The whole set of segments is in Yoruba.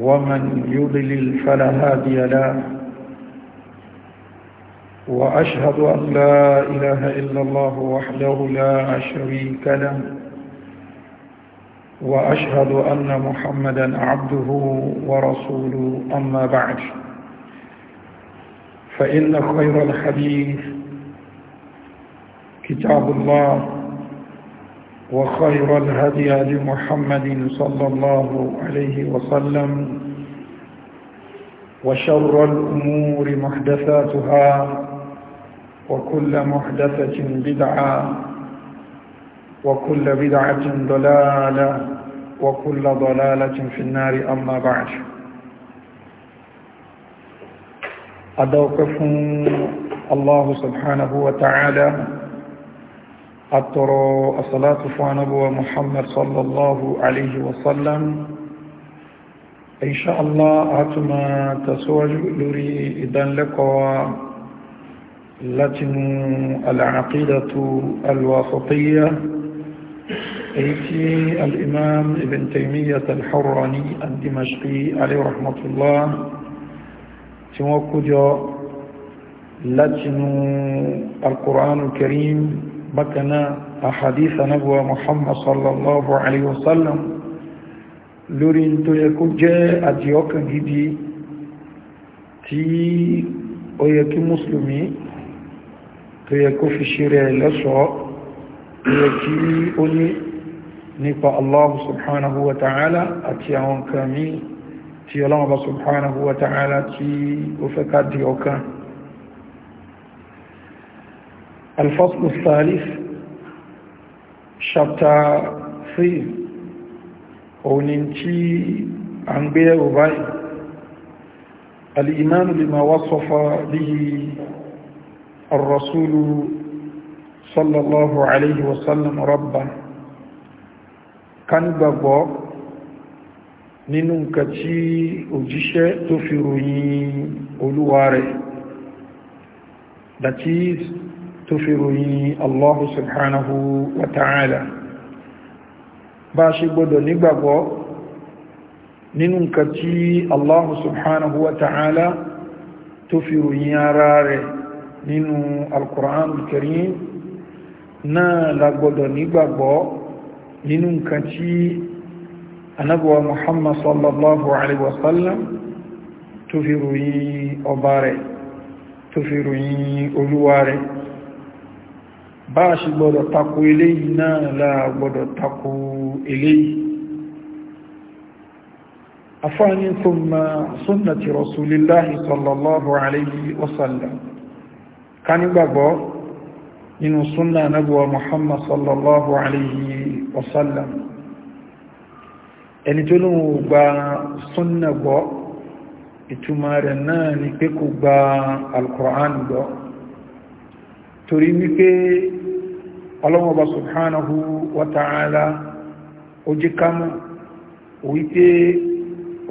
ومن يضلل فلا هادي له وأشهد أن لا إله إلا الله وحده لا شريك له وأشهد أن محمدا عبده ورسوله أما بعد فإن خير الحديث كتاب الله وخير الهدي هدي محمد صلى الله عليه وسلم وشر الأمور محدثاتها وكل محدثة بدعة وكل بدعة ضلالة وكل ضلالة في النار أما بعد أدوقف الله سبحانه وتعالى أترى الصلاة فوانبوى محمد صلى الله عليه وسلم إن شاء الله أتما تسواج لري إذن لقوا لتن العقيدة الواسطية أيتي الإمام ابن تيمية الحراني الدمشقي عليه رحمة الله تموكد لتن القرآن الكريم بكنا أحاديث نبوة محمد صلى الله عليه وسلم لورين تيكو جاء أديوكا جدي تي أيكي مسلمي تيكو في شيري لسو تيكي أولي نقى الله سبحانه وتعالى أتيهم كامي تي الله سبحانه وتعالى تي أفكا ديوكا الفصل الثالث شابتر 3 وننتي عن بيع وبيع الإيمان بما وصف به الرسول صلى الله عليه وسلم ربا كان بابا nínú nǹkan tí òjíṣẹ́ tó fi ròyìn olúwa rẹ̀ that is tó fi ròyìn Allahu subhanahu wa ta'ala bá ṣe gbọdọ̀ nígbàgbọ́ nínú nǹkan tí Allahu subhanahu wa ta'ala tó fi ròyìn ara rẹ̀ nínú al-Qur'an al-Karim náà la nígbàgbọ́ nínú nǹkan tí anabuwa muhammad sallallahu alaihi wasallam tó ọba rẹ̀ tó olúwa rẹ̀ bá a ṣe gbọ́dọ̀ takò eléyìí náà láà gbọ́dọ̀ takò eléyìí afáàní thumma sunnati rasulillahi sallallahu alayhi wa sallam ká nígbàgbọ́ nínú súnnà nabuwa muhammad sallallahu alayhi wa sallam ẹni tó lóun gba torí wípé ọlọ́wọ́ba subhanahu wa ta'ala ó jí kámú wípé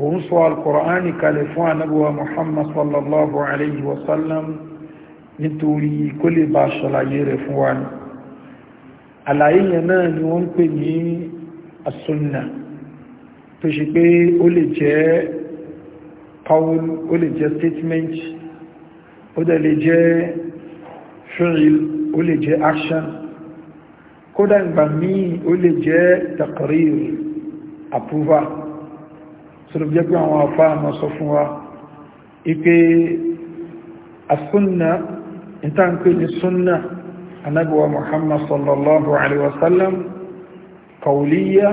òun sọ alkùránì kalẹ̀ fún anábúwa muhammad sallallahu alayhi wa sallam nítorí kó lè bá ṣàlàyé rẹ̀ fún wa ní àlàyé náà ni wọ́n pè ní asúnnà tó ṣe pé ó lè jẹ́ paul ó lè jẹ́ statement ó dẹ̀ lè jẹ́ fi'il ó lè jẹ́ action kódà ìgbà míì ó lè jẹ́ taqrir approval sọ́rọ̀ jẹ́ pé àwọn afá àmà sọ fún wa ipé asúnnà ìtànkè ní súnnà anábíwa muhammad sallallahu alaihi wasallam kawuliya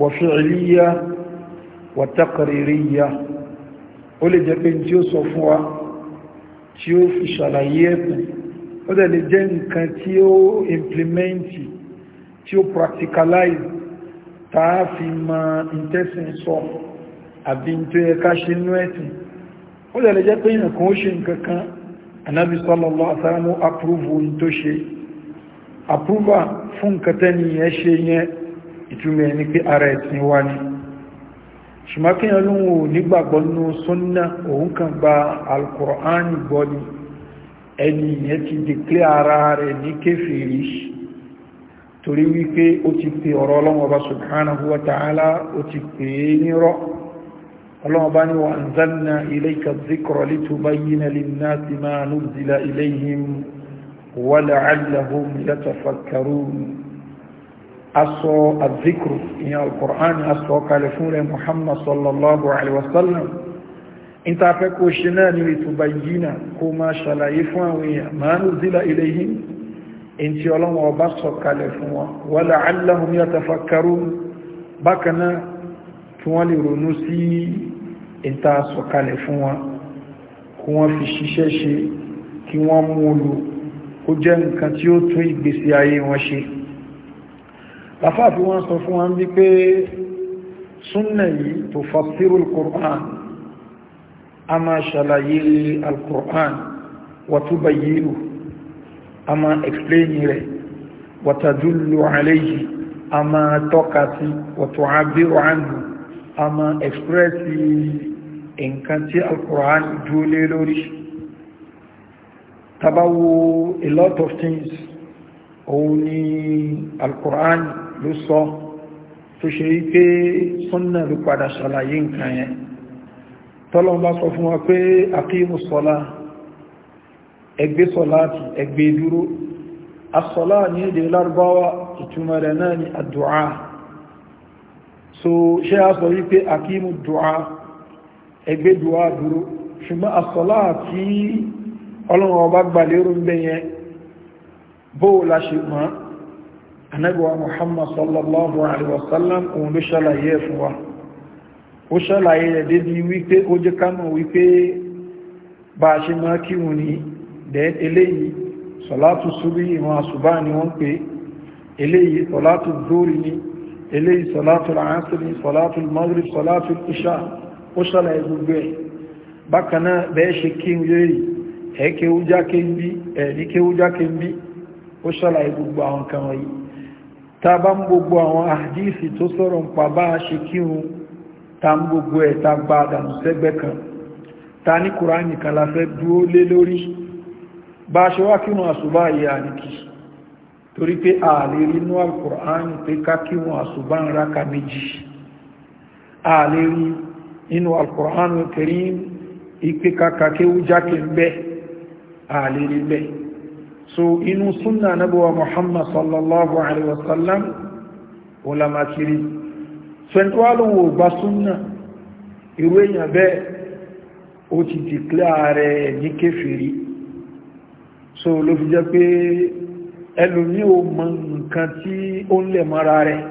wa fi'iliya wa taqririya ó lè jẹ́ pé tí ó sọ fún wa tí ó fi ṣàlàyé ẹ̀kùn ó dẹ̀ lè jẹ́ nǹkan tí ó implementi tí ó practicalize tàá fi ma intestine sọ àbí tó yẹ ká ṣe inú ẹ̀sìn ó dẹ̀ lè jẹ́ pé èèyàn kan ó ṣe nǹkan kan anábi sallallahu alaihi wasallam approve ohun tó ṣe approval fún nǹkan tẹ́ni yẹn ṣe yẹn ìtumọ̀ ẹni pé ara ẹ̀sìn wá ni ṣùgbọ́n kí yẹn lóhun ò nígbàgbọ́ nínú súnnà òun kan gba alkùránì gbọ́ ni ẹni yẹn ti dìklẹ́ ara rẹ̀ ní kéfèrí torí wípé ó ti pè ọ̀rọ̀ ọlọ́wọ́ bá subhanahu wa ta'ala ó ti pè é nírọ́ ní wa aso azikru ìyẹn alkur'an aso kalẹ̀ fún rẹ̀ muhammad sallallahu alaihi wasallam in ta fẹ́ kó ṣe náà ni litubayyina kó ma ṣàlàyé fún àwọn èèyàn ma nuzila ilayhim in ti ọlọ́wọ́ ọba sọ kalẹ̀ fún wọn wa la'allahum yatafakkarun bákaná kí wọ́n lè ronú sí in sọ kalẹ̀ fún wọn kí wọ́n fi ṣiṣẹ́ ṣe kí wọ́n mú olù kó jẹ́ nǹkan tí ó tún ìgbésí ayé wọn ṣe lafá fi wọ́n sọ fún wọn bí pé súnnà yìí tó fàfírù al-Qur'an a máa ṣàlàyé al-Qur'an wàtúbà yìí a máa explain rẹ̀ wàtàdúlù alayhi a máa tọ́ka sí wàtúwàbírù anhu a máa express nǹkan tí al-Qur'an dúlé lórí tabawo a lot of things òun ni al-Qur'an ló sọ tó ṣe wípé súnnà ló padà ṣàlàyé nǹkan yẹn tọ́lọ́n bá sọ fún wa pé akíyímù sọ́lá ẹgbẹ́ sọ́lá ti ẹgbẹ́ e dúró asọ́lá ní èdè lárúbáwá ìtumọ̀ rẹ̀ náà ni àdùá so ṣe a sọ wípé akíyímù dùá ẹgbẹ́ dùá dúró ṣùgbọ́n asọ́lá tí ọlọ́run ọba gbàlérò ń bẹ̀yẹn bóò la ṣe mọ́ anábíwa muhammad sallallahu alaihi wasallam òun ló ṣàlàyé ẹ̀ fún wa ó ṣàlàyé ẹ̀ débi wípé ó jẹ́ kánà wípé bá a ṣe máa kírun ní dẹ̀ eléyìí sọ̀látù súbí ìwọ̀n àṣùbá ni wọ́n pè eléyìí sọ̀látù dórí ni eléyìí sọ̀látù àásìrì sọ̀látù maghrib sọ̀látù isha ó ṣàlàyé gbogbo ẹ̀ bákanáà bẹ́ẹ̀ ṣe kírun yẹ́rì ẹ̀ẹ́kẹ́ ta bá ń gbogbo àwọn àdíìsì tó sọ̀rọ̀ ń pa bá a ṣe kírun ta ń gbogbo ẹ̀ ta gba àdànù sẹ́gbẹ́ kan ta ní kùránì kan la dúó lé lórí bá a ṣe wá kírun àsùbá yìí àníkì torí pé a lè rí inú alkùránì pé ká kírun àsùbá ń ráka méjì a lè rí inú alkùránì kẹrin ìpé kàkàkéwú ń bẹ́ a rí bẹ́ẹ̀ so inú súnnà nábúwa muhammad sallallahu alaihi wasallam olamakiri fẹ́ntuwálù wò gba súnnà irú èyàn bẹ́ẹ̀ ó ti dìklá rẹ̀ ní kéfèrí so ló fi jẹ́ pé ẹlòmí ò mọ nǹkan tí ó ń lẹ̀ mọ́ra rẹ̀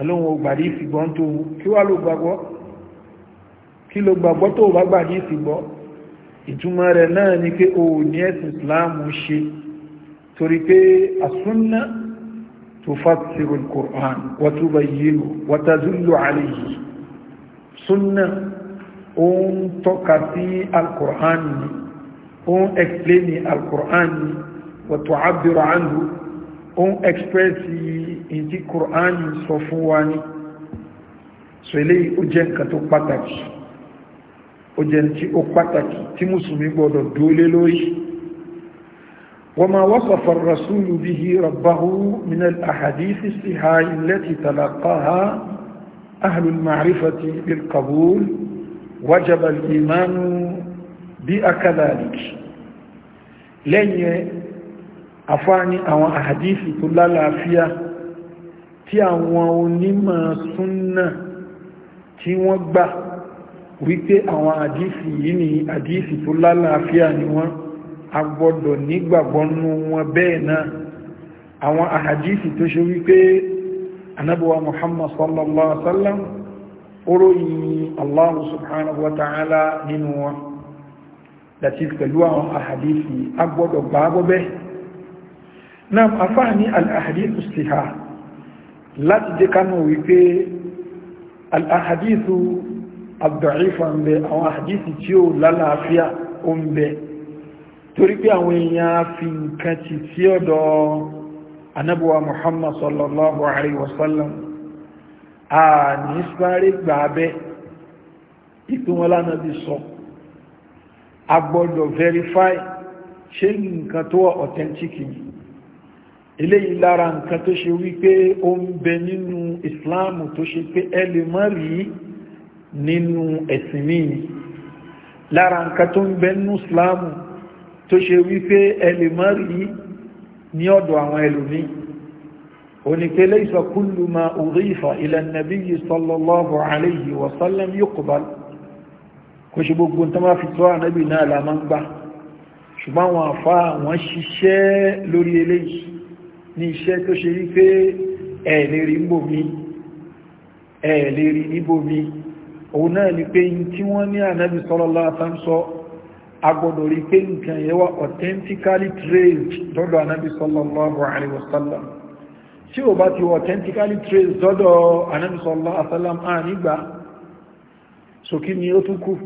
ẹlòmí ò gbàdí ìfìgbọ́n tó kí wá ló gbàgbọ́ kí ló gbàgbọ́ tó bá gbàdí ìfìgbọ́ ìtumọ̀ rẹ̀ náà ni pé o ní ẹ̀sìn islam ṣe torí pé asúnná tufassiru al-Qur'an wa tubayyinu wa tazullu alayhi súnná ó ń tọ́ka sí al-Qur'an ni ó ń explain al-Qur'an ni wa tu'abbiru anhu ó ń express ìdí Qur'an sọ fún wa ni so eléyìí tó pàtàkì ó tí ó pàtàkì tí mùsùlùmí gbọ́dọ̀ dúólé lórí وما وصف الرسول به ربه من الأحاديث الصحاح التي تلقاها أهل المعرفة بالقبول وجب الإيمان بأكذلك لن أفاني أو أحاديث تلا العافية تي àwọn onímọ̀ سنة تي wọ́n gbà أو أحاديث àdífì العافية ni agbọ́dọ̀ nígbàgbọ́ nú wọn bẹ́ẹ̀ náà àwọn àhàjísì tó ṣe wípé anábọ̀wà muhammad sallallahu alaihi wasallam oróyìn allah subhanahu wa ta'ala nínú wọn láti pẹ̀lú àwọn àhàjísì agbọ́dọ̀ gbàgbọ́ bẹ́ẹ̀ náà afáà ní al-ahadithu siha láti jẹ́ kánú wípé al-ahadithu bẹ àwọn àhàjísì tí ó lálàáfíà ó ń bẹ́ẹ̀ torí pé àwọn èèyàn fi nǹkan ti tí ọ̀dọ̀ anábúwa muhammad sallallahu alaihi wasallam a ní sáré gbà abẹ́ ìpín wọn lánà bí sọ a gbọ́dọ̀ verify ṣe nǹkan tó wà authentic ni eléyìí lára nǹkan tó ṣe wípé ó ń bẹ nínú islam tó ṣe pé ẹ rí nínú ẹ̀sìn míì lára nǹkan tó ń bẹ nínú islam tó ṣe wípé ẹlẹ́mọ́rí ní ọ̀dọ̀ àwọn ẹlòmí oníkẹ́lẹ́ ìsọkúlù ma òrífà ilẹ̀ nàbí yìí sallallahu alayhi wa sallam yuqbal kò ṣe gbogbo tó máa fi tó ànábì náà lámá ń gbà ṣùgbọ́n àwọn àfá àwọn agbọ́dọ̀ rí pé nǹkan yẹn authentically traced dọ́dọ̀ anábi sallallahu alaihi wasallam tí ó bá ti wà authentically traced dọ́dọ̀ anábi sallallahu alaihi wasallam a nígbà sókí ni ó tún kú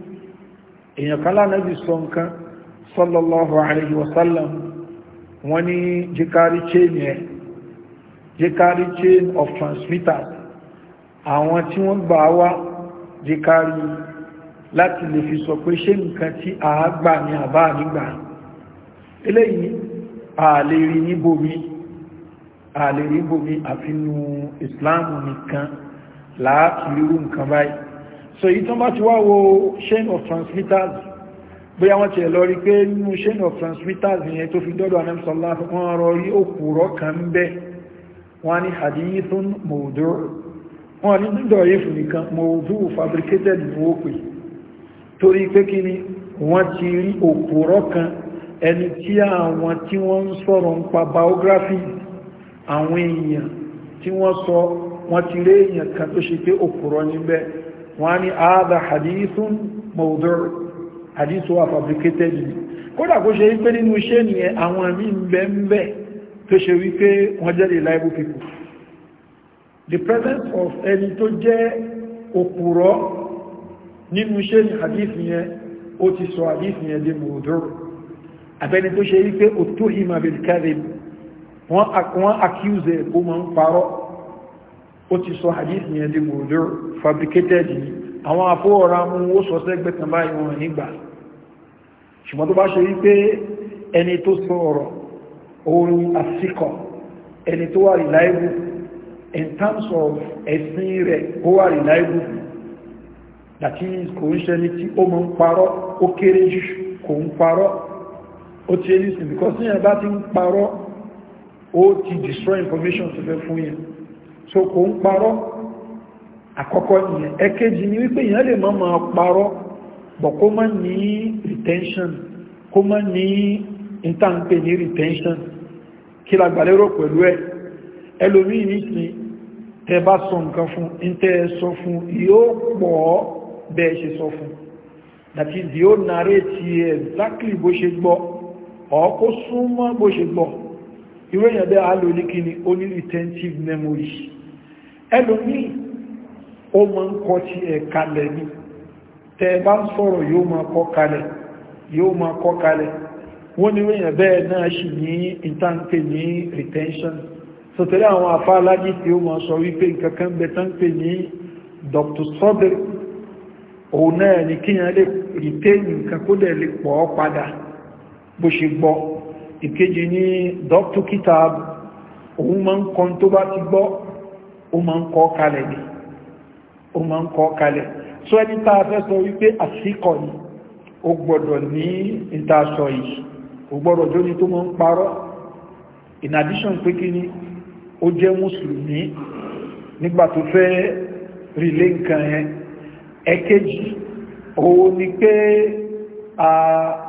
jikari chain yẹn jikari chain of transmitters àwọn tí wọ́n gbà wá jikari láti lè fi sọ pé ṣé nǹkan tí a gbà ní àbá nígbà eléyìí ààlè rí níbomi ààlè rí níbomi àfinú ìsìláàmù nìkan láti rírú nǹkan báyìí so èyí tán bá ti wá wo chain of transmitters bóyá wọ́n ti ẹ̀ lọ rí pé nínú chain of transmitters yẹn tó fi dọ́dọ̀ anamsọ́lá wọ́n rọ rí òkúrọ́ kan bẹ́ẹ̀ wọ́n ní hadithun mọ̀ọ́dọ́ wọ́n ní dọ̀yẹ́fù nìkan mọ̀ọ́dọ́ fabricated ní ó pè é torí pé kí ni wọ́n ti rí òpòrọ́ kan ẹni tí àwọn tí wọ́n ń sọ̀rọ̀ ń pa biography àwọn èèyàn tí wọ́n sọ wọ́n ti rí èèyàn kan tó ṣe pé òpòrọ́ níbẹ̀ wọ́n ní àádá hadithun mawdu' hadithu wa fabricated kódà kó ṣe wípé nínú iṣẹ́ nìyẹn àwọn àmì ń bẹ ń bẹ tó ṣe wípé wọ́n jẹ́ reliable people the presence of ẹni tó jẹ́ òpòrọ́ nínú iṣẹ́ ní hadith yẹn ó ti sọ hadith yẹn di mọ̀ọ́dọ́rù àbẹ́ni tó ṣe wípé ó tó hìmà bil kadhib wọ́n accuse ẹ̀ kó máa parọ́ ó ti sọ hadith yẹn di mọ̀ọ́dọ́rù fabricated ni àwọn afọ́ọ̀rá mú ó sọ sẹ́gbẹ́ kan báyìí wọn nígbà ṣùgbọ́n tó bá ṣe wípé ẹni tó in terms of ẹ̀sìn rẹ̀ ó wà reliable àti kò ń ṣẹni tí ó mọ́ ń parọ́ ó kéré jù kò ń parọ́ ó ti ẹni sí because ní ẹ̀bá ti ń parọ́ ó ti destroy information tó fẹ́ fún yẹn so kò ń parọ́ àkọ́kọ́ nìyẹn ẹ̀kejì ni wípé èèyàn lè máa máa parọ́ bọ̀ kó má ní retention kó má ní ìtànpè ní retention kí la gbàlérò pẹ̀lú ẹ ẹlòmíì nìsín tẹ bá sọ nǹkan fún ń sọ fún yóò pọ̀ ọ́ bẹ́ẹ̀ ṣe sọ fún that is the old narrate exactly bó ṣe gbọ́ ọkó súnmọ́ bó ṣe gbọ́ irú èyàn bẹ́ẹ̀ alò ní kí ni ó retentive memory ẹlòmí ó máa ń kọ ti ẹ̀ kalẹ̀ ni tẹ́ bá ń sọ̀rọ̀ yóò máa kọ kalẹ̀ yóò máa kọ kalẹ̀ wọ́n ní èyàn bẹ́ẹ̀ náà ṣì ní ìtànkè ní retention sọ̀tẹ̀lẹ̀ àwọn afá alájí tí ó máa sọ wípé nǹkan kan bẹ̀ tán pè ní Dr. Strawberry òun náà ni kíyàn lè ìté nǹkan kó dẹ̀ lè pọ̀ padà bó ṣe gbọ́ ìkejì ní dókítà òun máa ń kọ́ tó bá ti gbọ́ ó máa ń kọ́ kalẹ̀ ni ó máa ń kọ́ kalẹ̀ so ẹni tá a fẹ́ sọ wípé àsìkọ̀ ni ó gbọ́dọ̀ ní ìtasọ̀ yìí ó gbọ́dọ̀ jó ní tó máa ń parọ́ in addition pé kí ni ó jẹ́ mùsùlùmí nígbà tó fẹ́ rí lé nǹkan yẹn ẹ̀kejì òun ni pé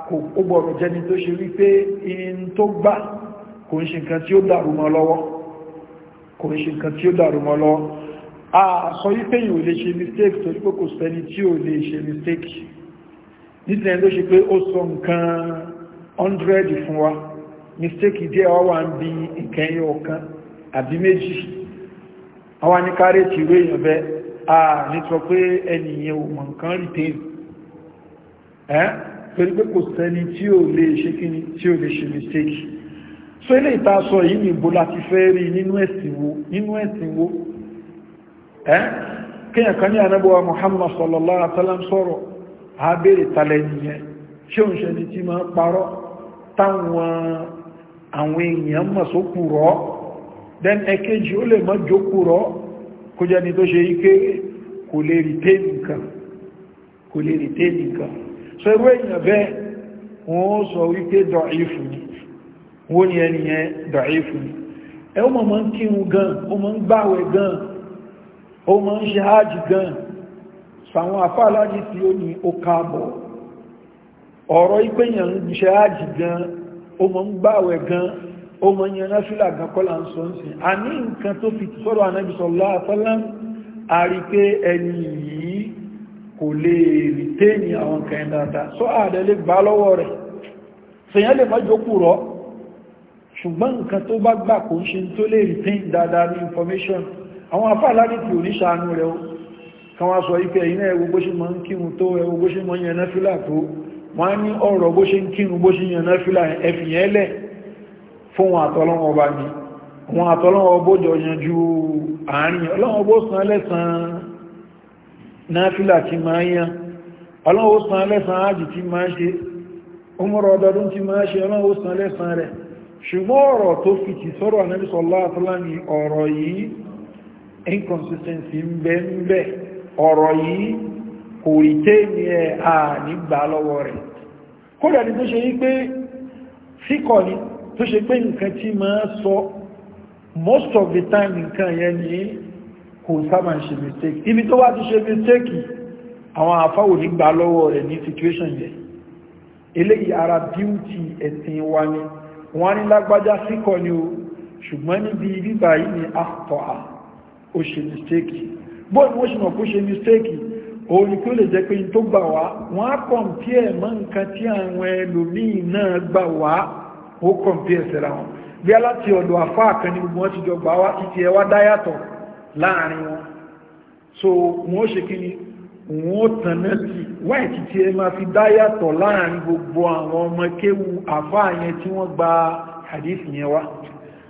kò gbọ̀rọ̀ jẹni tó ṣe wípé in tó gbà kò ń ṣe nǹkan tí ó dàrú mọ́ lọ́wọ́ kò ń ṣe nǹkan tí ó dàrú mọ́ lọ́wọ́ a sọ wípé yìí ò lè ṣe mistake torí pé kò sẹ́ni tí ò lè ṣe mistake nítorí ló ṣe pé ó sọ nǹkan 100 fún wa mistake díẹ̀ wá wà ń bi nǹkan ọ̀kan àbí méjì àwa ní kárẹ́tì èèyàn bẹ́ẹ̀ a ní sọ pé ẹnìyàn o mọ̀ nǹkan retain ẹ́ torí pé kò sẹ́ni tí lè ṣe tí so ilé ìta sọ yìí ní ìbò láti fẹ́ rí nínú ẹ̀sìn nínú ẹ̀sìn ẹ́ kíyàn kan ní anábọ́wà Muhammad sallallahu alaihi wasallam a béèrè talẹ̀ nìyẹn ṣé òun ṣe ni tí máa parọ́ táwọn àwọn èèyàn mọ̀ sókùrọ̀ then ó lè mọ́ kó jẹ́ ni tó ṣe ike kò lè retain nǹkan kò lè retain nǹkan so irú èèyàn bẹ́ẹ̀ wọ́n sọ wípé dọ̀ífù ni wọ́n ni ẹniyàn dọ̀ífù ni ẹ o mọ̀ mọ́ ń kírun gan o mọ̀ ń gbàwẹ̀ gan o mọ̀ ń ṣe hajj gan sàwọn afáàlájì tí ó ní ó káàbọ̀ ọ̀rọ̀ ìpéyàn ń ṣe hajj gan o mọ̀ ń gbàwẹ̀ gan ó mọ̀ yẹn náṣúlà gan kọ́lá ń sọ ń sìn a ní nǹkan tó fi sọ́rọ̀ anábì sallallahu alaihi wasallam a rí pé ẹni yìí kò lè rí téèyàn àwọn nǹkan dáadáa sọ ààrẹ gbá lọ́wọ́ rẹ̀ sèyàn lè má jókù rọ́ ṣùgbọ́n nǹkan tó bá gbà kò ń ṣe tó lè rí téèyàn dáadáa ní information àwọn afáàlá ní ti oníṣàánú rẹ̀ ó kan wá sọ ipẹ́ iná ẹwọ bó ṣe mọ́ ń kírun tó ẹwọ bó ṣe mọ́ yẹn náfílà tó wọ́n á ní ọ̀rọ̀ bó ṣe ń kírun bó ṣe yẹn náfílà ẹ̀fìyàn ẹlẹ́ fún wọn àtọ́lọ́wọ́ ọba ní wọn àtọ́lọ́wọ́ ọbójọ yanjú àárín ọlọ́wọ́ san lẹ́sàn náfílà ti máa yán ọlọ́wọ́ san lẹ́san ájì ti máa ṣe ọdọdún ti máa ṣe ọlọ́wọ́ san rẹ̀ ṣùgbọ́n ọ̀rọ̀ tó ti sọ́rọ̀ Ànábì tó ṣe pé nǹkan tí máa sọ most of the time nǹkan yẹn ni kò sábà ń ṣe mistake ibi tó wá ti ṣe mistake àwọn àfáwò ní gbà lọ́wọ́ rẹ̀ ní situation yẹn eléyìí ara beauty ẹ̀sìn wa ni wọ́n ní lágbájá síkọ ni o ṣùgbọ́n níbi bíbà yìí ni àtọ̀ à ó ṣe mistake bọ́ọ̀ ni wọ́n ṣe mọ̀ kó ṣe mistake òun ni kí ó lè jẹ́ pé tó gbà wá wọ́n á kọ̀m̀pí ẹ̀ mọ́ nǹkan tí àwọn ẹlòmíì náà gbà wá ó kọ̀m̀pí ẹ̀sẹ̀ ra wọn bí aláti ọ̀dọ̀ àfá àkan ní gbogbo wọn ti jọ gbà wá títí ẹwà dáyàtọ̀ láàrin wọn so wọ́n ṣe kí ni wọ́n tànà sí wáyé títí ẹ máa fi dáyàtọ̀ láàrin gbogbo àwọn ọmọ kéwu àfá yẹn tí wọ́n gba hadith yẹn wá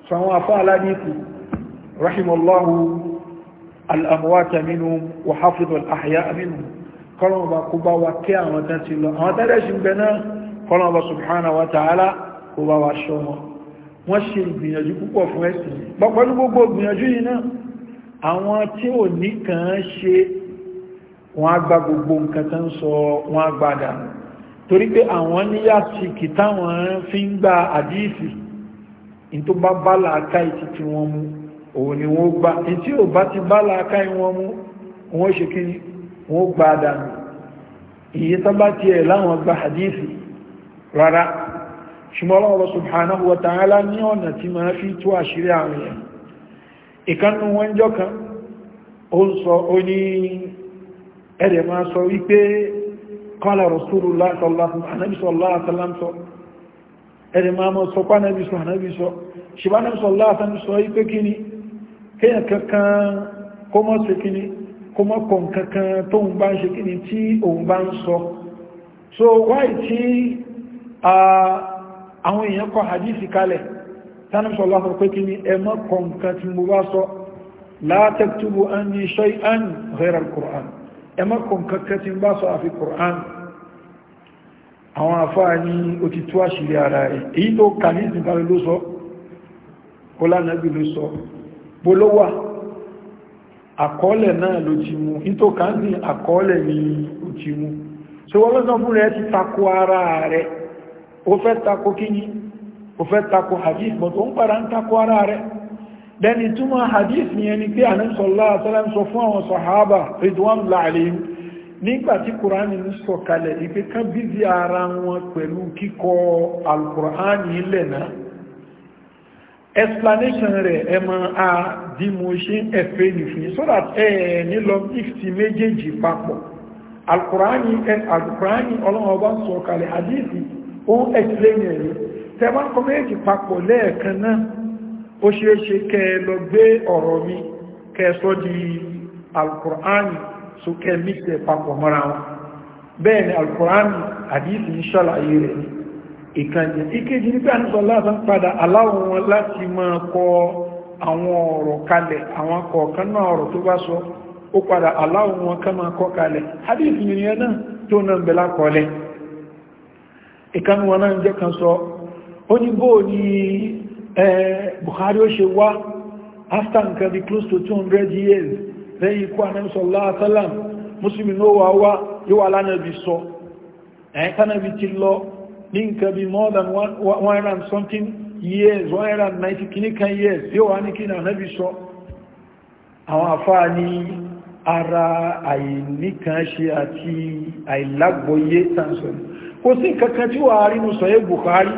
so àwọn àfá aládìkù rahimallahu al'amwata minhum wa hafidhu al-ahya minhum kọ́lọ̀ kó bá wa kí àwọn tán lọ àwọn tẹ́lẹ̀ ṣe ń bẹ náà kọ́lọ̀ subhanahu wa ta'ala kó bá wa ṣọ́ wọn wọ́n ṣe ìgbìyànjú púpọ̀ fún ẹ̀sìn pọ̀pọ̀lú gbogbo ìgbìyànjú yìí náà àwọn tí ò ní kàn án ṣe wọ́n á gba gbogbo nǹkan tán sọ wọ́n á gbádà torí pé àwọn níyà sí kìtàwọn fi ń gba àdíìsì in tó bá bá làákà ìtì tí wọ́n mú òun ni wọ́n gbá in tí ò bá ti bá làákà ìwọ́n mú wọ́n ṣe kí wọ́n gbádà ìyẹ́ tábà tiẹ̀ láwọn gba àdíìsì rárá ṣùgbọ́n Allah subhanahu wa ta'ala ní ọ̀nà tí ma fi tó àṣírí àwọn èèyàn ìkannú wọn jọ kan ó ń sọ ó ní ẹ̀rẹ̀ máa sọ wípé qala Rasulullah sallallahu alaihi wasallam sọ ẹ̀rẹ̀ máa mọ́ sọ pánàbí sọ ànábí sọ ṣìbánàbí sọ láàtàbí sọ wípé kíni kéyàn kankan kó mọ́ sí so wáyìí tí a ah, àwọn èèyàn kọ hadisi kalẹ̀ tánàṣọ́ lọ́pọ̀ pé kí ni ẹmọ́ kọ̀ǹkan tí mo bá sọ la taktubu anni shay'an ghayra al-Qur'an ẹmọ́ kọ̀ǹkan tí mo bá sọ àfi Qur'an àwọn àfáà ní òtítú àṣírí ara rẹ̀ èyí tó kà ní ìsìnkàrí ló sọ ọlánàbí ló sọ bolówà ni ó ti mú ṣe wọ́n ó fẹ́ takò kíyí ó fẹ́ takò hadith bọ̀ tó ń padà ń takò ara rẹ̀ dẹni túnmọ̀ hadith ni ẹni pé àníṣọ́lá àtàlẹ́m sọ fún àwọn sọ̀hábà ridwan láàrin nígbàtí kùránì ń sọ kalẹ̀ ìpé kan bízi ara wọn pẹ̀lú kíkọ alkùránì ilẹ̀ náà explanation rẹ̀ ẹ mọ́ a bí mo ṣe ń ẹ̀fẹ́ nìfín so that ẹ ní lọ mixti méjèèjì papọ̀ alkùránì ọlọ́wọ́ bá sọ kalẹ̀ hadithi ó ń explain ẹ̀rí tẹ́wọ́n kọ méjì papọ̀ lẹ́ẹ̀kan náà ó ṣeéṣe kẹ lọ gbé ọ̀rọ̀ mi di alkùránì so kẹ mítẹ̀ papọ̀ mọ́ra wọn bẹ́ẹ̀ ni alkùránì àdíìsì ń ṣàlàyé rẹ̀ ní ìkànnì ìkéjì nígbà nígbà kọ tó ìkanu wọn náà jẹ́ kan sọ ó ní bóò ní Bukhari ó ṣe wá after nǹkan bí close to 200 years lẹ́yìn ikú anẹ́sọ̀ láàtàlám musulmi ló wà wá yíwà lánàbí sọ ẹ̀ẹ́kánàbí ti lọ ní nǹkan bí more than 100 something years 190 kìníkan years yíò wá ní kí ní ànábí sọ àwọn àfáà ní ara àìníkan ṣe àti àìlágbóyé tàǹsọ̀rọ̀ kò sí kankan tí wà rí musa yẹ Bukhari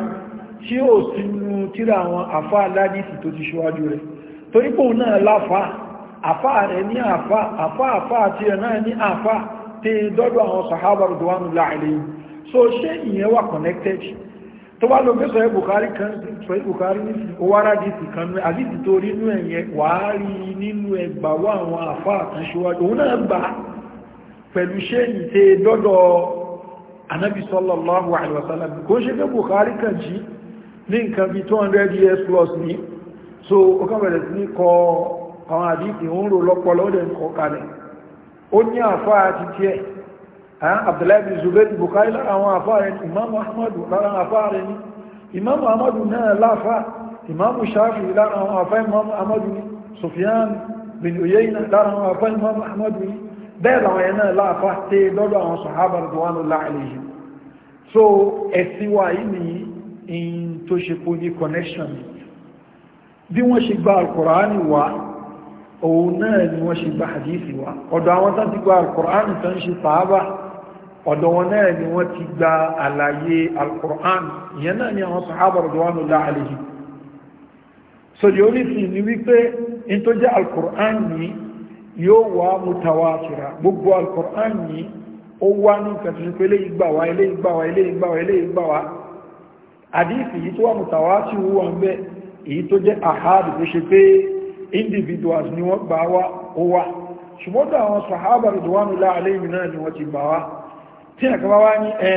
tí ó sínú tíra àwọn àfá aládìsì tó ti ṣíwájú rẹ̀ torí pò náà láfá àfá rẹ̀ ní àfá àfá àfá àti rẹ̀ náà ní àfá tí dọ́dọ̀ àwọn sahaba ridwanullahi alayhim so ṣé connected tó bá lọ pé sọ ẹbùkárí kan sọ ẹbùkárí ní owáradìsì kan ní àdìsì tó rí inú ẹ̀yẹ wàá rí nínú ẹgbà wá dọ́dọ̀ anábi sallallahu alaihi wasallam kò ṣe pé Bukhari kan jí ní nǹkan bí 200 years plus ní so ó kàn bẹ̀rẹ̀ sí ní kọ àwọn àdíkì ń ro lọ́pọ̀lọ́ dẹ̀ ń kọ kalẹ̀ ó ní àfá àti tiẹ̀ Abdullahi bin Zubair Bukhari lára àwọn àfá rẹ̀ ní Imam Ahmadu lára àfá rẹ̀ ní Imam Ahmadu náà láfá Imam Shafi lára àwọn àfá Imam Ahmadu ní Sufyan bin Uyayna lára àwọn àfá Imam Ahmadu ní bẹ́ẹ̀ làwọn ẹ̀ náà láàfá tẹ́ lọ́dọ̀ àwọn sàhábà rẹ̀dùwánù láàrẹ̀yìn so ẹ̀sìn wa yìí ni in tó ṣe kó ní connection bí wọ́n ṣe gba alkùránì wá òun náà ni wọ́n ṣe gba hadisi wá ọ̀dọ̀ àwọn tó ti gba alkùránì tó ń ṣe sàhábà ọ̀dọ̀ wọn náà ni wọ́n ti gba àlàyé alkùránì ìyẹn náà ni àwọn sàhábà so the only thing ni wípé yóò wá mutawatira gbogbo alkùrán yìí ó wá ní kàtàkì ilé ìgbàwà ilé ìgbàwà ilé ìgbàwà ilé ìgbàwà àdífì yìí tó wà mutawati wú wọn bẹ́ èyí tó jẹ́ àhádì tó ṣe pé individuals ni wọ́n gbà wá ó wá ṣùgbọ́n tó àwọn sahaba ridwanullahi alayhim náà ni wọ́n ti gbà wá tí àkàbá wá ní ẹ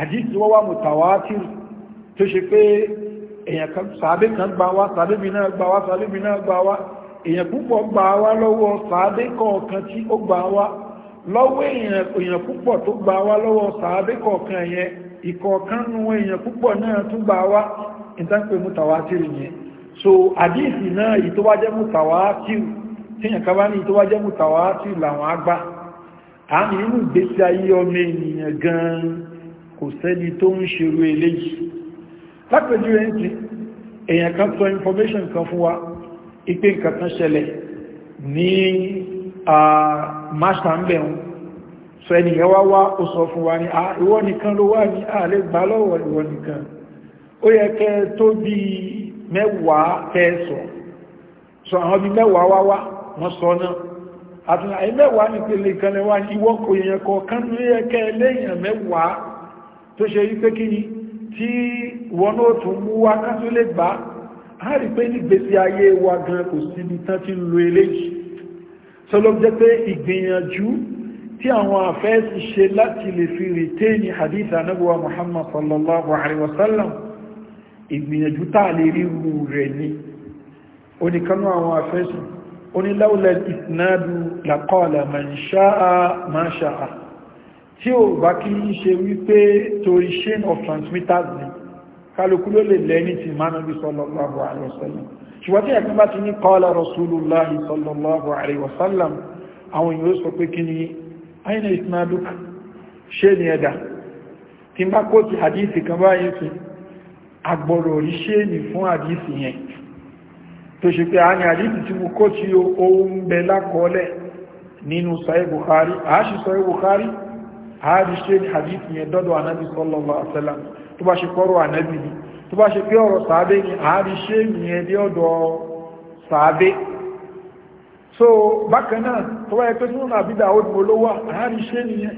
àdífì wọ́n wá mutawatir tó ṣe pé èèyàn sàábé kan gbà wá sàábé mi náà gbà wá sàábé mi náà gbà wá èèyàn púpọ̀ gbà wá lọ́wọ́ sàábé kọ̀ọ̀kan tí ó gbà wá lọ́wọ́ èèyàn púpọ̀ tó gbà wá lọ́wọ́ sàádé kọ̀ọ̀kan yẹn ìkọ̀ọ̀kan èèyàn púpọ̀ náà tún gbà wá ìtànpé yẹn so àdíìsì náà èyí tó wá jẹ́ mùtàwátìrì tíyàn ká bá ipé nǹkan kan ṣẹlẹ̀ ní máṣà ń bẹ̀rún sọ ẹniyàn wá wá ó sọ fún wa ní ìwọ nìkan ló wà ní ààrẹ gbà lọ́wọ́ ìwọ nìkan ó yẹ kẹ tó bí mẹ́wàá kẹsọ̀ sọ àwọn bí mẹ́wàá wá wá wọ́n sọ náà àtúnà àyí mẹ́wàá ní pẹ̀lẹ̀ ìkanlẹ̀ wá ní ìwọ kò yẹn kọ̀ọ̀kan ló yẹ kẹ lẹ́yìn mẹ́wàá tó ṣe rí kí ni tí wọn ó tún mú wá kátó lè gbàá a rí pé nígbésí ayé wa gan kò síbi tán ti ń lo eléyìí sọlọ́ jẹ́ pé ìgbìyànjú tí àwọn àfẹ́ẹ̀sì ṣe láti lè fi rìtẹ́ẹ̀nì hadith anábúwa muhammad sallallahu alaihi wasallam ìgbìyànjú táà lè rí rú rẹ̀ ní oníkanú àwọn àfẹ́ẹ̀sì oníláwùlẹ̀ ìsinádù làkọ́ọ̀lẹ̀ mẹ́ṣáà máṣáà tí ó bá kí ń ṣe wípé torí chain of transmitters ni kálukú ló lè lẹ́ni tí mánàbí sallallahu alaihi wasallam ṣùgbọ́n tí ẹ̀kan bá ti ní qala rasulullahi sallallahu alaihi wasallam àwọn èèyàn sọ pé kí ni aina isnaduk ṣe ni ẹ̀dà tí bá kó ti hadithi kan báyìí sí agbọ̀rọ̀ rí ṣe ni fún hadithi yẹn tó ṣe pé a ní hadithi tí mo kó ti ohun bẹ lákọọlẹ̀ nínú sahih bukhari a ṣe sahih bukhari a rí ṣe ni hadithi yẹn dọ́dọ̀ anábi sallallahu alaihi wasallam tó bá ṣe pọ́rọ̀ ànábì ni tó bá ṣe pé ọ̀rọ̀ sàábé ni àárí ṣe ìyẹn dé ọ̀dọ̀ sàábé so bákan náà tó bá yẹ pé súnmọ́ àbídà òdìbò ló wà àárí ṣe nìyẹn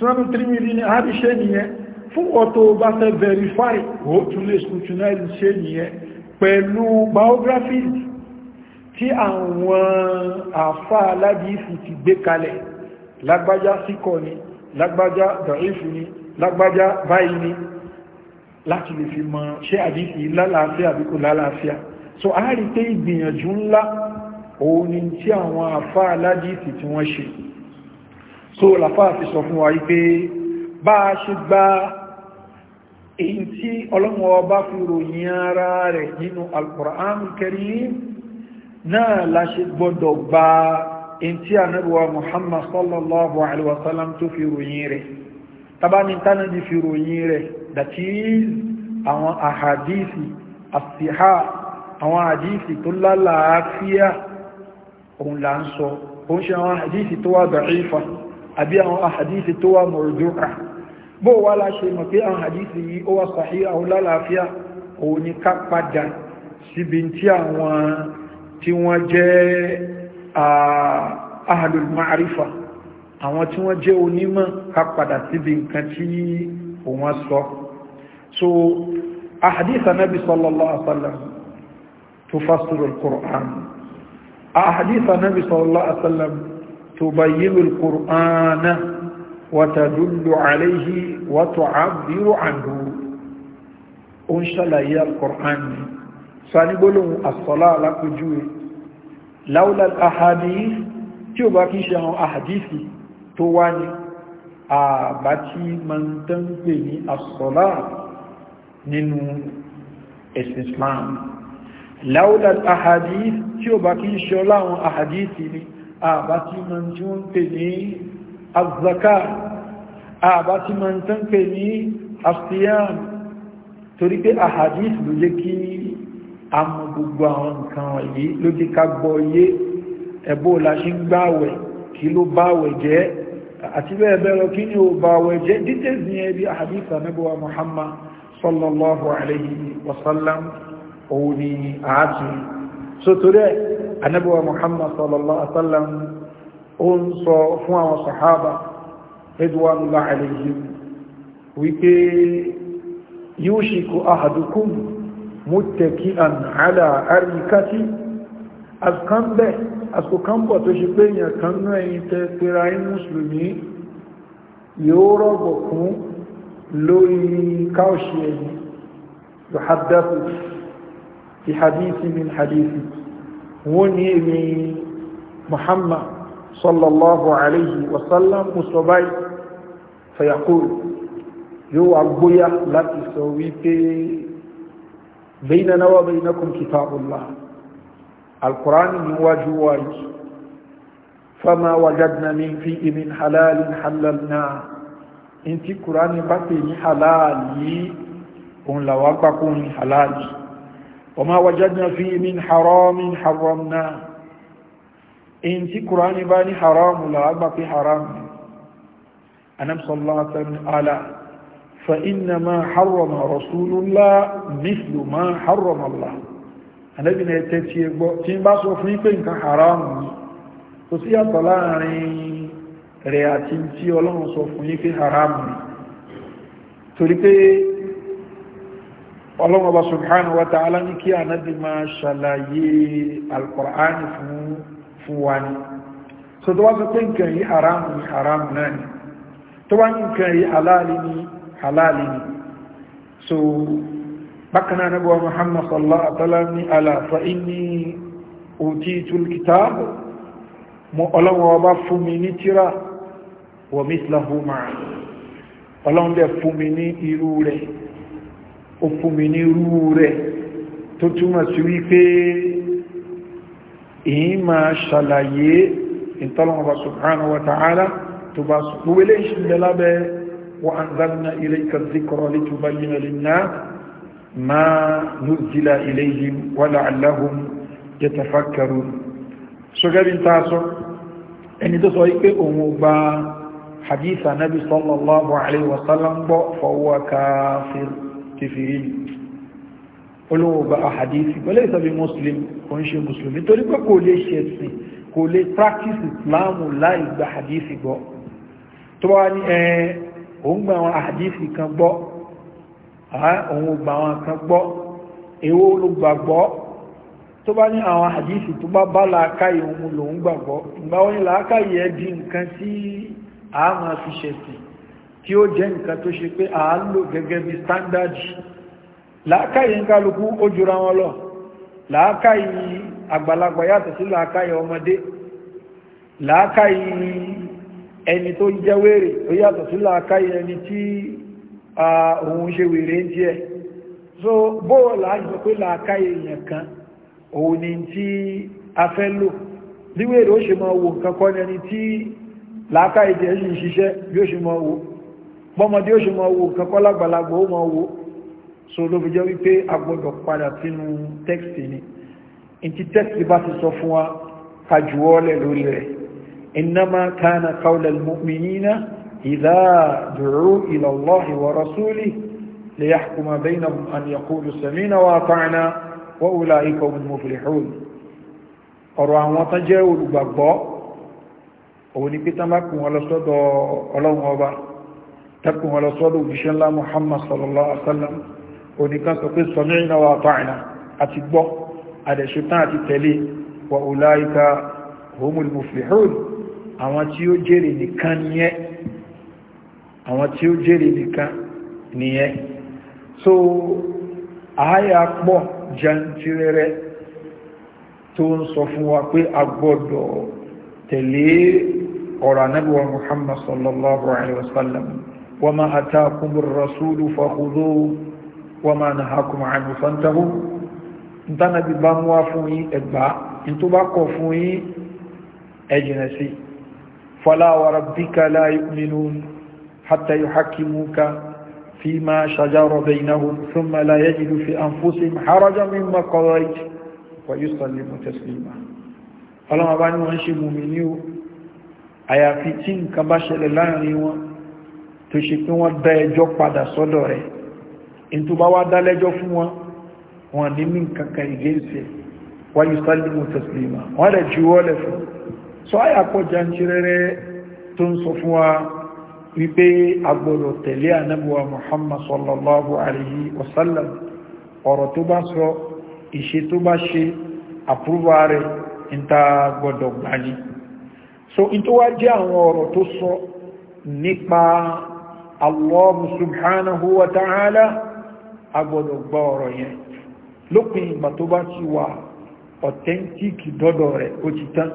súnmọ́ tírímìlì ni àárí ṣe nìyẹn fún ọ̀tọ̀ bá fẹ́ verify ó tún lè scrutinize ṣe nìyẹn pẹ̀lú biographies tí àwọn lágbájá báyìí ni láti lè fi mọ̀ ṣé àdíkì lálàáfíà bí kò lálàáfíà so a rí pé ìgbìyànjú ńlá òun ni tí àwọn àfá aládìsì tí wọ́n ṣe so làfá fi sọ fún wa wípé bá a ṣe gba èyí tí ọlọ́mọ ọba fi ròyìn ara rẹ̀ nínú Al-Qur'an Karim náà la ṣe gbọ́dọ̀ gba èyí tí anábíwa Muhammad sallallahu alaihi wasallam tó fi ròyìn rẹ̀ tabani fi ròyìn rẹ̀ that is àwọn àhàdíìsì àsìhá àwọn àdíìsì tó lálàáfíà òun là ń sọ òun ṣe àwọn àdíìsì tó wà da'ifa àbí àwọn àhàdíìsì tó wà murdu'a bó wá láṣe mọ̀ pé àwọn àdíìsì yìí ó wà sahih àwọn lálàáfíà òun ni ká padà síbi tí àwọn tí wọ́n jẹ́ ahlul àwọn tí wọ́n jẹ́ onímọ̀ ká padà síbi nǹkan tí òun sọ so ahadith anabi sallallahu alaihi wasallam tufassiru alquran ahadith anabi sallallahu alaihi wasallam tubayyinu alqur'ana wa tadullu alayhi wa tu'abbiru anhu ó ń ṣàlàyé alquran ni so a ní gbólóhùn asọ́lá alákojúwe láúlá ahadith tí ó bá kí ṣe àwọn ahadithi tó wá ní àbá tí ma nínú ẹ̀sìn Islam láúdà ahadith tí ó bá kí ń ṣe láwọn ahadith ni àbá tí ma ń tí wọ́n pè ní azaka àbá tí ma ń tán pè ní asiyam torí pé ahadith ló jẹ́ kí a mọ gbogbo àwọn nǹkan wọ̀nyí ló jẹ́ ká gbọ́ yé ẹ̀bọ́ la ṣe ń gbáwẹ̀ kí ló báwẹ̀ jẹ́ àti bẹ́ẹ̀ bẹ́ẹ̀ lọ kí ni ó báwẹ̀ jẹ́ dítẹ́ sallallahu alayhi wa sallam òun ni àátù sótòrẹ́ anábíwa muhammad sallallahu alayhi wa sallam ó ń sọ fún àwọn sahaba ridwanullahi alayhim wípé yushiku ahadukum muttaki'an ala arikati askanbẹ̀ askokanbọ̀ tó ṣe pé èèyàn kan náà yí rọ̀gbọ̀ fún لوي كاوشي يحدث في حديث من حديثي وني من محمد صلى الله عليه وسلم مصبي فيقول يو أبويا لا تسوي بيننا وبينكم كتاب الله القرآن من واجه واجه فما وجدنا من فيه من حلال حللناه in ti kùránì bá pè ní halali òun làwà gbákún ní halali wa ma wajadna fi min haramin haramna in ti kùránì bá ní haramu làwà gbákún haram anamsallatan ala fa inna ma harrama rasulullah mislu ma harrama Allah anabina ya tẹ́ tí ẹgbọ́ tí ń bá sọ fún ipé nǹkan haramu tó sí yàtọ̀ láàrin rẹ̀ àti tí ọlọ́run sọ fún yí pé haramu torí pé ọlọ́run ọba subhanahu wa ta'ala kí ànábì máa ṣàlàyé alkùránì fún wa ní so tó wá sọ pé nǹkan yí haramu ní haramu náà ni tó wá nǹkan yí halali ní halali ni so bákanáà náà muhammad sallallahu alaihi wa sallam ní ala fa inni utitul kitab mo ọlọ́run ọba fún mi ní tírà wọ̀mísìláhù máa ọlọ́run dẹ̀ fún mi ní irú rẹ̀ ó fún mi ní irú rẹ̀ tó túmọ̀ sí wípé èyí máa ṣàlàyé ìtọ́lọ́wọ́ subhanahu wa ta'ala tó bá sùgbúwélé ìṣẹ̀lẹ̀ lábẹ́ wa anzalna ilayka dhikra litubayyina lin tó sọ wípé òun gba hadith anabi sallallahu alayhi wa sallam gbọ́ fọwọ́ káfíìr kìfìrí olówó bá a hadith ìgbẹ́lẹ̀ ìsọ́bí muslim kò ń ṣe muslim nítorí pé kò lè ṣe ẹ̀sìn kò lè practice islam láì gba hadith gbọ́ tó bá ní ẹ òun gba àwọn hadith kan gbọ́ òun gba àwọn kan gbọ́ èwo ló gbàgbọ́ tó bá ní àwọn hadith tó bá bá làákàyè òun lòun gbàgbọ́ ìgbà wọn ni làákàyè ẹ di nǹkan sí a máa fi ṣẹ̀sìn tí ó jẹ́ nǹkan tó ṣe pé a lò gẹ́gẹ́ bí standard làákàyè ń kálukú ó jura wọn lọ làákàyè àgbàlagbà yàtọ̀ sí làákàyè ọmọdé làákàyè ẹni tó ń jẹ́ wèrè ó yàtọ̀ sí làákàyè ẹni tí òun ṣe wèrè ń tiẹ̀ so bóò láàájọ pé làákàyè èèyàn kan òun ni tí a fẹ́ lò bí ó ṣe máa wo nǹkan kọ́ ẹni tí láàká ìdí ẹ̀ṣì ń ṣiṣẹ́ bí ó ṣe mọ́ owó bọ́mọdé ó ṣe mọ́ owó kankọ́ lágbàlagbà ó mọ́ owó so ló fi jẹ́ wípé a gbọ́dọ̀ padà sínú tẹ́kìtì ni in ti tẹ́kìtì bá ti sọ fún wa ka jù ọ́lẹ̀ lórí rẹ̀ innama kana qawla al-mu'minina òun ni pété má kún wọn lọ sọ́dọ̀ ọlọ́run ọba tẹ́kùn wọn lọ sọ́dọ̀ òjíṣẹ́ ńlá muhammad sallallahu alaihi wasallam oníkan sọ pé sami'na wa ata'na àti gbọ́ àdẹ̀ṣetán àti tẹ̀lé wa ulaika humul muflihun àwọn tí ó jèrè nìkan nìyẹn àwọn tí ó tó ń sọ fún wa pé a tẹ̀lé ọ̀rọ̀ anábíwa muhammad sallallahu alaihi wasallam wa ma atakum rasulu fakhudhu wa ma nahakum anhu fantahu ntana bi ba mu wa fún yín egba nto ba ko fún yín ejina si fala wa rabbika la yu'minun hatta yuhakkimuka fima shajara bainahum thumma la yajidu fi anfusihim harajan mimma qadayt wa yusallimu taslima ọlọ́mọba ni wọ́n ń ṣe mùmí ní o àyàfi tí nǹkan bá ṣẹlẹ̀ láàrin wọn tó ṣe pé wọ́n dá ẹjọ́ padà sọ́dọ̀ rẹ̀ in tó bá wá dá lẹ́jọ́ fún wọn wọn ní mí nǹkan kan ìgbésẹ̀ wáyé sálímù tẹ̀sílímà wọ́n rẹ̀ ju wọ́lẹ̀ fún sọ àyà pọ̀ tó ń sọ fún wa wípé agbọ́dọ̀ tẹ̀lé ànábùwà muhammad sallallahu alayhi wa sallam ọ̀rọ̀ tó bá sọ ìṣe tó bá ṣe àpúrúwà rẹ̀ ń ta gbọ́dọ̀ gbani so in tó wá jẹ́ àwọn ọ̀rọ̀ tó sọ nípa Allah subhanahu wa ta'ala agbọ́dọ̀ gbọ́ ọ̀rọ̀ yẹn lópin ìgbà tó bá ti wà authentic dọ́dọ̀ rẹ̀ ó ti tán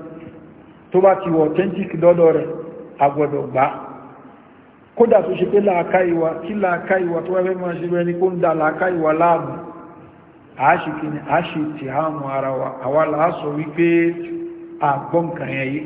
tó bá ti wà authentic dọ́dọ̀ rẹ̀ agbọ́dọ̀ gbá kódà tó ṣe pé làákàíwà kí làákàíwà tó wáyé máa ṣe rẹ̀ ní kó ń da làákàíwà láàmù àáṣìkì ni àáṣìtì ara wa àwa wípé yẹn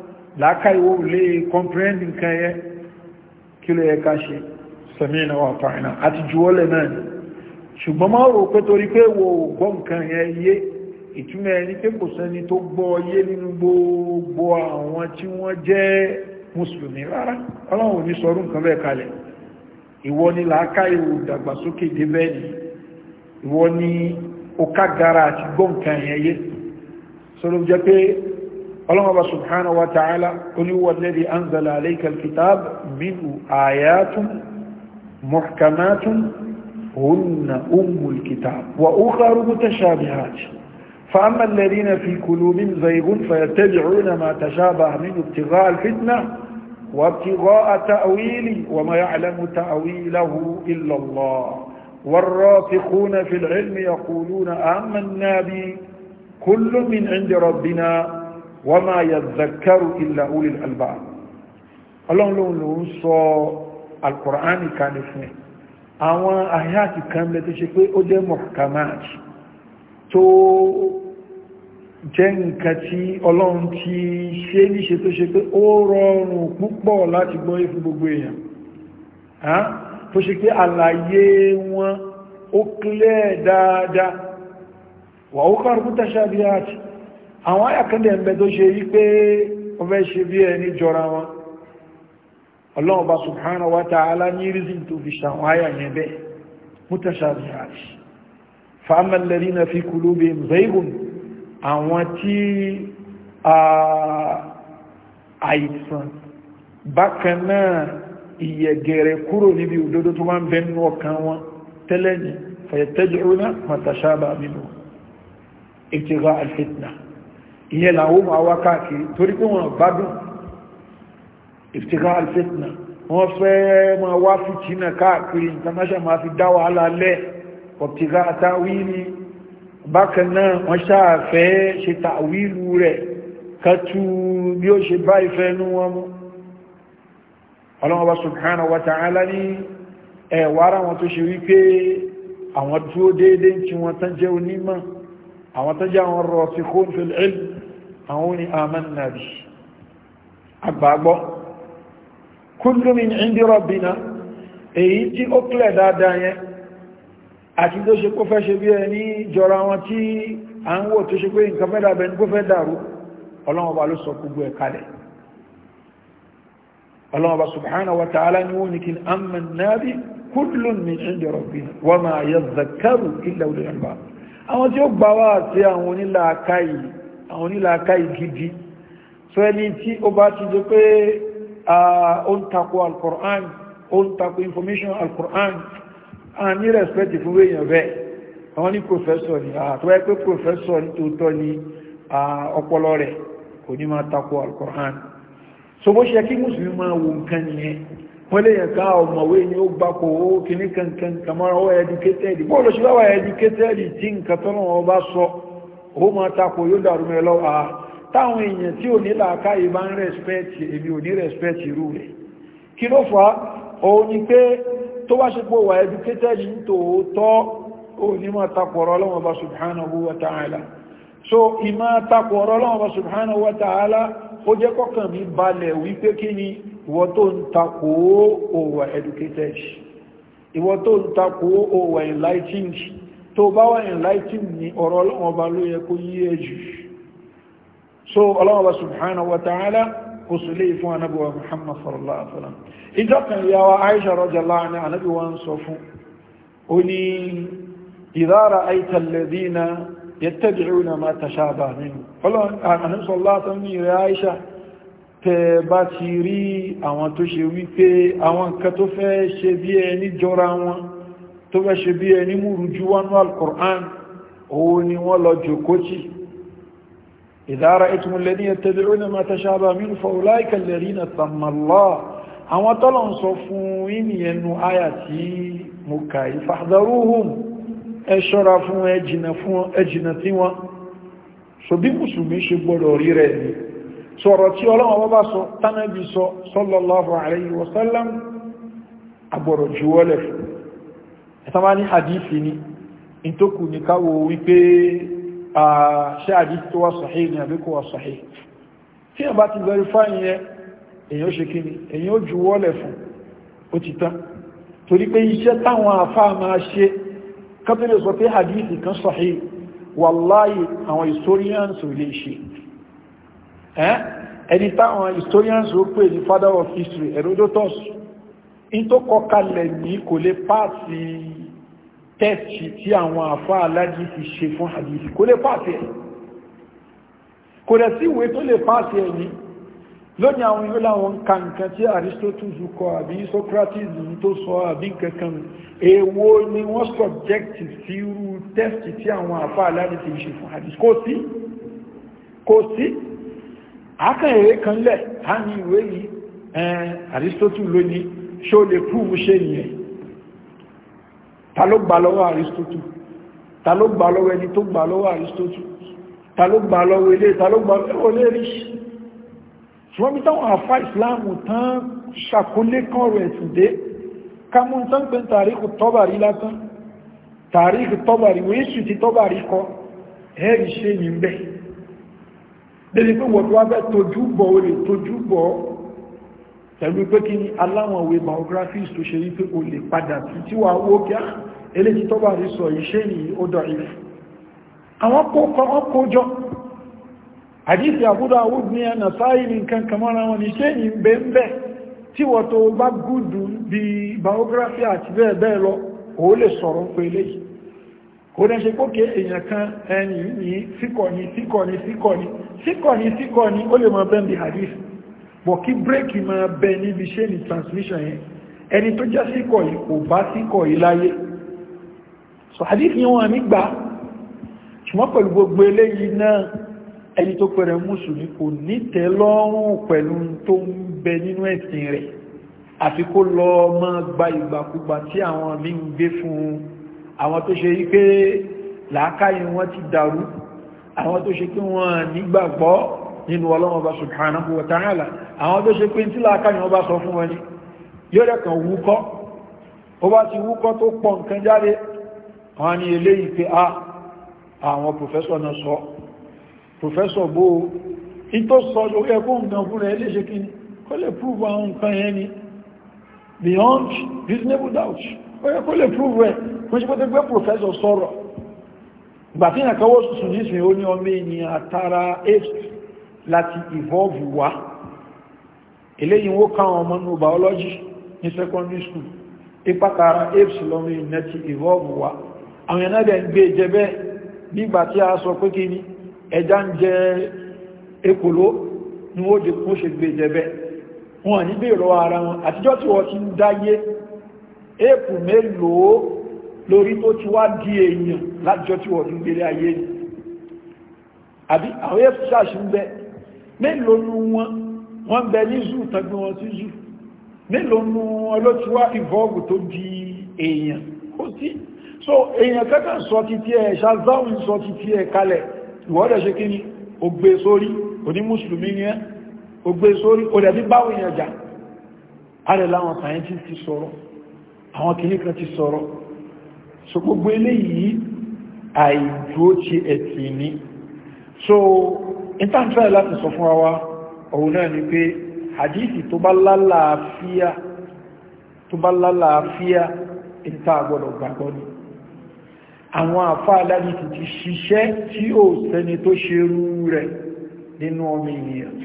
láàkàíwò lè comprehend nǹkan yẹ kí ló yẹ ka ṣe sami'na wa àti juwọ́lẹ̀ náà ni ṣùgbọ́n máa rò pé torí pé wo gbọ́ nǹkan yé ẹni pé kò sẹ́ni tó gbọ́ yé nínú gbogbo àwọn tí wọ́n jẹ́ musulmi rárá ọlọ́run ò ní nǹkan bẹ́ẹ̀ kalẹ̀ ìwọ ni ni ìwọ ni ó kágara àti gbọ́ nǹkan yé jẹ́ pé ọlọ́mọba الله سبحانه وتعالى قل هو الذي أنزل عليك الكتاب ayatun آيات محكمات هن أم الكتاب وأخر متشابهات فأما الذين في قلوبهم زيغ فيتبعون ما تشابه منه ابتغاء الفتنة وابتغاء تأويل وما يعلم تأويله إلا الله والرافقون في العلم يقولون آمنا به كل من عند ربنا wa ma yadhakkaru illa ulil albab ọlọ́run ló ń sọ alkùránì kan ní fún àwọn àyàtì kan lẹ́ tó ṣe pé ó jẹ́ mọ̀kàmáàj tó jẹ́ nǹkan tí ọlọ́run ti ṣe níṣe tó ṣe pé ó rọrùn púpọ̀ láti gbọ́ fún gbogbo èèyàn tó ṣe pé àlàyé wọn ó kílẹ̀ dáadáa wà ó kàrùkú tàṣàbíyàtì àwọn àyàkẹ́ndẹ̀ ẹ̀mẹ́ tó ṣe yí pé wọ́n fẹ́ ṣe bí ẹni jọra wọn ọlọ́run bá subhanahu wa ta'ala ní rízìn tó fi ṣàwọn àyà yẹn bẹ́ mutashabihat fa amma alladhina fi qulubihim zaygun àwọn tí àìsàn ìyẹn làwọn máa wá káàkiri torí pé wọ́n gbádùn ìfìtíkà alfitna wọ́n fẹ́ máa wá fìtínà káàkiri international máa fi dá wàhálà lẹ́ ọ̀pìtíkà àtàwírí bákan náà wọ́n ṣáàfẹ́ ṣe tàwílù rẹ̀ kàtù bí ó ṣe bá ìfẹ́ inú wọn mú ọlọ́wọ́ subhanahu wa ta'ala ní ẹ̀wà ara wọn tó ṣe wípé àwọn dúró déédéé tí wọ́n tán jẹ́ onímọ̀ àwọn tó jẹ́ àwọn rasikhun fil ilm àwọn ni amanna bi agbàgbọ́ kullu min indi rabbina èyí tí ó kílẹ̀ dáadáa yẹn àti tó ṣe kó fẹ́ ṣe bí ẹni jọra wọn tí a ń wò tó ṣe pé nǹkan fẹ́ dàbẹ̀ ní kó fẹ́ dàrú ọlọ́wọ́ bá ló sọ gbogbo ẹ̀ kalẹ̀ àwọn tí ó gbà wá àti àwọn onílàákàyè àwọn onílàákàyè gidi so ẹni tí ó bá ti jẹ́ pé ó ń takò alkùrán ó ń takò information alkùrán a ní respect fún èèyàn rẹ̀ àwọn ní professor ni àtọ́wẹ́ pé professor ní tòótọ́ ni ọpọlọ rẹ̀ kò ní máa takò alkùrán so bó ṣe kí mùsùlùmí máa wo nǹkan nìyẹn wọ́n lè yàn ká ọ̀mọ̀wé ni ó gbapò owó kìíní kankan kàmọ́ra ọwọ́ ẹ̀dùkétẹ́ẹ̀dì bọ́ọ̀lù ṣe wáwà ẹ̀dùkétẹ́ẹ̀dì tí nǹkan tọ́nà wọn sọ ó máa takò yóò dàrú mẹ́ lọ́wọ́ a táwọn èèyàn tí ò ní làákàyè bá ń rẹ̀spẹ́ẹ̀tì èmi ò ní rẹ̀spẹ́ẹ̀tì irú rẹ̀ kí ló fà á òun ni pé tó bá ṣe pé wà ẹ̀dùkétẹ́ẹ̀dì tòótọ́ ó ní máa takò ọ̀rọ̀ Ọlọ́run bá subhanahu wa ta'ala so ìmáa takò ọ̀rọ̀ Ọlọ́run bá subhanahu wa ta'ala ó jẹ́ kọ́kàn mi balẹ̀ wípé kí ni ìwọ tó ń takò over educated ìwọ tó ń takò over enlightened tó bá wà enlightened ní ọ̀rọ̀ ọlọ́wọ́n ló yẹ kó yí ẹ so ọlọ́wọ́n subhanahu wa ta'ala kò sì lè fún anábíwa muhammad sallallahu alaihi aisha radiyallahu anha anábíwa ń sọ fún ó ní idha ra'ayta alladhina yattabi'una ma tashabaha minhu ọlọ́wọ́n ànábíwa sallallahu alaihi aisha tẹ bá ti rí àwọn tó ṣe wípé àwọn nǹkan tó fẹ́ ṣe bí ẹni jọra wọn tó fẹ́ ṣe bí ẹni múrù jú wánú al-Qur'an òun ni wọ́n lọ jòkótì ìdára ìtumùlẹ́ni ẹ̀tẹ̀lẹ̀ ó ní ma ta mínú fọ́ọ̀lá ìkẹlẹ̀rí na tàmàlá àwọn tọ́lọ̀ ń sọ fún ìnìyẹnu àyà tí mo kà í fahdaruhum ẹ ṣọ́ra fún ẹjìnà tí wọ́n so mùsùlùmí ṣe gbọ́dọ̀ rí rẹ̀ ni sọ̀rọ̀ tí ọlọ́wọ́ bá sọ tánàbí sọ sallallahu alayhi wa sallam agbọ̀rọ̀ juwọ́lẹ̀ fún ẹ̀tàmá ní hadithi ni in tó kù ní káwò wípé a ṣe hadithi tó wá sahih ní àbíkò wá sahih tí a bá ti verify yẹn èyàn ṣe kí ni èyàn Eh? ẹni táwọn historians ó pè ní father of history Herodotus in tó kọ kalẹ̀ ní kò lè pààtì tẹ́ẹ̀tì tí àwọn àfá alájí ti ṣe fún hadith kò lè pààtì ẹ̀ kò rẹ̀ sí ìwé tó lè pààtì ẹ̀ ní lónìí àwọn ìwé láwọn ka nǹkan tí Aristotle kọ àbí Socrates ní tó sọ àbí kankan èwo ni wọ́n subject sí irú tẹ́ẹ̀tì tí àwọn àfá alájí ti ṣe fún hadith kò sí kò sí akàn èrè kan lẹ̀ á ní ìwé yìí ẹn aristotle ló ní ṣó lè prove ṣe yẹn ta ló gbà lọ́wọ́ aristotle ta ló gbà lọ́wọ́ ẹni tó gbà lọ́wọ́ aristotle ta ló gbà lọ́wọ́ ilé ta ló gbà lọ́wọ́ ilé rí ṣùgbọ́n bí táwọn àfá ìsìláàmù tán ṣàkólé rẹ̀ sì dé kámú tán pé tàríkù tọ́bàrí látán tàríkù tọ́bàrí wíṣù ti tọ́bàrí kọ ẹ̀rì ṣe yìí bẹ́ẹ̀ débi pé wọ́n tó wá fẹ́ tójú bọ̀ o lè tójú bọ̀ pẹ̀lú pé kí ni aláwọn òwe biographies tó ṣe wípé o lè padà sí tí wà owó kí á eléjì tó bá rí sọ iṣẹ́ yìí ó dọ̀ ìfẹ́ àwọn kókọ wọn kójọ àdíṣẹ́ àbúrò àwúd ní ẹ̀nà sáyé ní nǹkan kamara wọn iṣẹ́ yìí bẹ́ẹ̀ tí wọ́n tó bá gúdù bí biography àti bẹ́ẹ̀ bẹ́ẹ̀ lọ o lè sọ̀rọ̀ pé eléyìí kò dẹ́ ṣe pókè èèyàn kan ẹni ní síkọ̀ni síkọ̀ni síkọ̀ni síkọ̀ni síkọ̀ni ó lè mọ bẹ́ẹ̀ bí hadith bọ̀ kí bírèkì máa bẹ níbi ṣé ni transmission yẹn ẹni tó já síkọ̀ yìí kò bá síkọ̀ yìí láyé so hadith yẹn wọn nígbà ṣùgbọ́n pẹ̀lú gbogbo eléyìí náà ẹni tó pẹ̀rẹ̀ mùsùlùmí kò ní tẹ́lọ́rùn pẹ̀lú tó ń bẹ nínú ẹ̀sìn rẹ̀ àfi kó lọ máa gba ìgbàkúgbà tí àwọn mí ń gbé fún un àwọn tó ṣe yí pé làákàyè wọn ti dàrú àwọn tó ṣe pé wọn nígbàgbọ́ nínú ọlọ́wọ́n bá subhanahu wa ta'ala àwọn tó ṣe pé tí làákàyè wọn bá sọ fún wọn ni yóò rẹ̀ wúkọ́ ó bá ti wúkọ́ tó pọ̀ nǹkan jáde wọ́n ní eléyìí pé a ah, àwọn pòfẹ́sọ̀ náà sọ ó yẹ kó lè prove ẹ̀ kó ṣe pé pé professor sọ̀rọ̀ ìgbà tí ìyàn kọwọ́ sùn nísìn ó ní ọmọ ènìyàn àtàrà age láti evolve wá eléyìn ó káwọn ọmọ nù biology ní secondary school ipa tààrà apes lọ́mọ ènìyàn ti evolve wá àwọn ènìyàn dẹ̀ ń gbé jẹ nígbà tí a sọ pé kí ni ẹja ń jẹ ekòló ni ó dẹ̀ kó ṣe gbé jẹ wọn ní bí ara wọn àtijọ́ tí wọ́n ti ń dáyé èèpù mélòó lórí tó ti wá di èèyàn lájọ́ tí wọ́n gbèrè ayé ni àbí àwọn èèpù ṣáṣì ń bẹ mélòó nu wọn wọ́n bẹ ní zoo tàbí wọn sí zoo mélòó nu wọn ló ti wá ìvọ́ọ̀gù tó di èèyàn kò sí so èèyàn kankan sọ títí ẹ̀ ṣàzáwìn sọ títí ẹ̀ kalẹ̀ ìwọ́dẹ̀ ṣe kí ni ó gbé e sórí oní mùsùlùmí ni ẹ́ ó e sórí ó dẹ̀ èèyàn jà á rẹ̀ láwọn scientist sọ̀rọ̀ àwọn kìíní kan ti sọ̀rọ̀ so gbogbo eléyìí àìdúró ti ẹ̀sìn ni so intanfẹ́ láti sọ fún wa òun náà ni pé hadithi tó bá lálàáfíà tó bá lálàáfíà ìta àgbọ̀dọ̀ gbàgbọ́ ni àwọn àfá aláàrí ti ti ṣiṣẹ́ tí ó sẹni tó ṣe rú rẹ̀ nínú ọmọ ènìyàn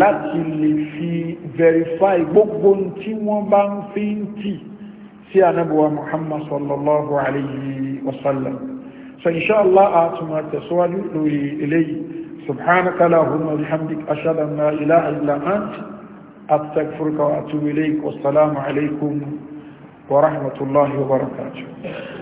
láti lè fi verify gbogbo tí wọ́n bá ń fi ń tì tí a nábúwa muhammad sallallahu alayhi wasallam so inṣáàlá a túnmọ̀ tẹ̀síwájú lórí eléyìí subhanaka lahumma bihamdik ashhadu an la ilaha illa ant astaghfiruka wa atubu ilayk wassalamu alaykum wa rahmatullahi wa barakatuh